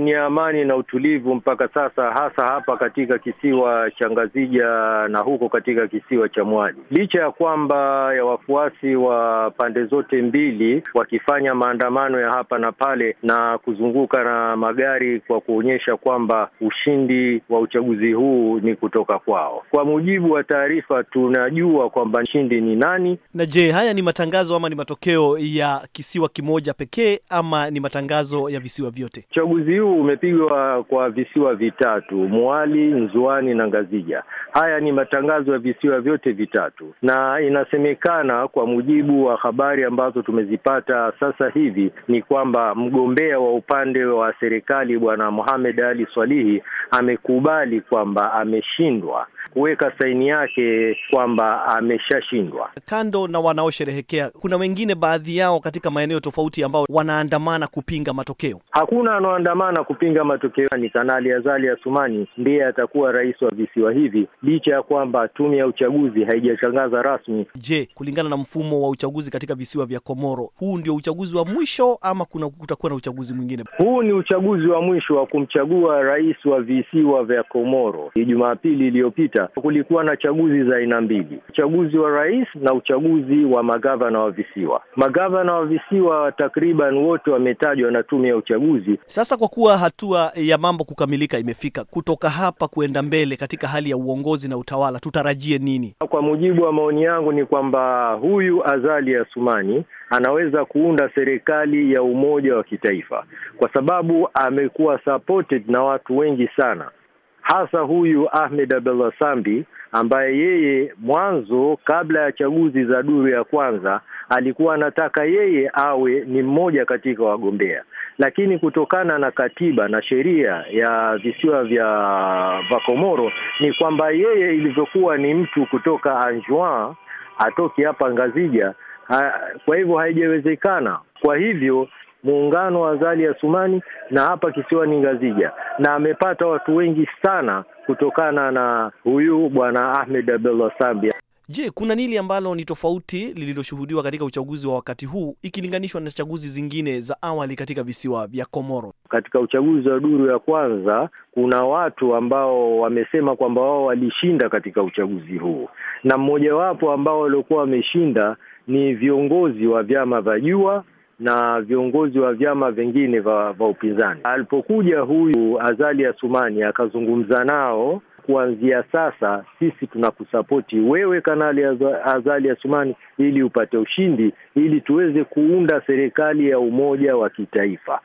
ni amani na utulivu mpaka sasa, hasa hapa katika kisiwa cha Ngazija na huko katika kisiwa cha Mwali, licha ya kwamba ya wafuasi wa pande zote mbili wakifanya maandamano ya hapa na pale na kuzunguka na magari kwa kuonyesha kwamba ushindi wa uchaguzi huu ni kutoka kwao. Kwa mujibu wa taarifa, tunajua kwamba mshindi ni nani. Na je, haya ni matangazo ama ni matokeo ya kisiwa kimoja pekee ama ni matangazo ya visiwa vyote? Chaguzi juu umepigwa kwa visiwa vitatu, Mwali, Nzwani na Ngazija. Haya ni matangazo ya visiwa vyote vitatu, na inasemekana kwa mujibu wa habari ambazo tumezipata sasa hivi ni kwamba mgombea wa upande wa serikali Bwana Mohamed Ali Swalihi amekubali kwamba ameshindwa kuweka saini yake kwamba ameshashindwa. Kando na wanaosherehekea, kuna wengine baadhi yao katika maeneo tofauti ambao wanaandamana kupinga matokeo. Hakuna anaoandamana sana kupinga matokeo. Ni Kanali Azali Asumani ndiye atakuwa rais wa visiwa hivi, licha ya kwamba tume ya uchaguzi haijatangaza rasmi. Je, kulingana na mfumo wa uchaguzi katika visiwa vya Komoro, huu ndio uchaguzi wa mwisho ama kuna kutakuwa na uchaguzi mwingine? Huu ni uchaguzi wa mwisho wa kumchagua rais wa visiwa vya Komoro. Jumapili iliyopita kulikuwa na chaguzi za aina mbili, uchaguzi wa rais na uchaguzi wa magavana wa visiwa. Magavana wa visiwa takriban wote wametajwa na tume ya uchaguzi. Sasa kwa kuwa kuwa hatua ya mambo kukamilika imefika, kutoka hapa kuenda mbele katika hali ya uongozi na utawala tutarajie nini? Kwa mujibu wa maoni yangu ni kwamba huyu Azali Assoumani anaweza kuunda serikali ya umoja wa kitaifa, kwa sababu amekuwa supported na watu wengi sana, hasa huyu Ahmed Abdallah ambaye yeye mwanzo, kabla ya chaguzi za duru ya kwanza, alikuwa anataka yeye awe ni mmoja katika wagombea lakini kutokana na katiba na sheria ya visiwa vya Vakomoro ni kwamba yeye ilivyokuwa ni mtu kutoka Anjouan atoki hapa Ngazija ha, kwa hivyo haijawezekana. Kwa hivyo muungano wa Azali ya Sumani na hapa kisiwani Ngazija, na amepata watu wengi sana kutokana na huyu bwana Ahmed Abdullah Sambia. Je, kuna nini ambalo ni tofauti lililoshuhudiwa katika uchaguzi wa wakati huu ikilinganishwa na chaguzi zingine za awali katika visiwa vya Komoro? Katika uchaguzi wa duru ya kwanza, kuna watu ambao wamesema kwamba wao walishinda katika uchaguzi huu, na mmojawapo ambao waliokuwa wameshinda ni viongozi wa vyama vya jua na viongozi wa vyama vingine vya upinzani. Alipokuja huyu Azali Asumani akazungumza nao kuanzia sasa sisi tunakusapoti wewe, Kanali Azali Asumani, ili upate ushindi, ili tuweze kuunda serikali ya umoja wa kitaifa.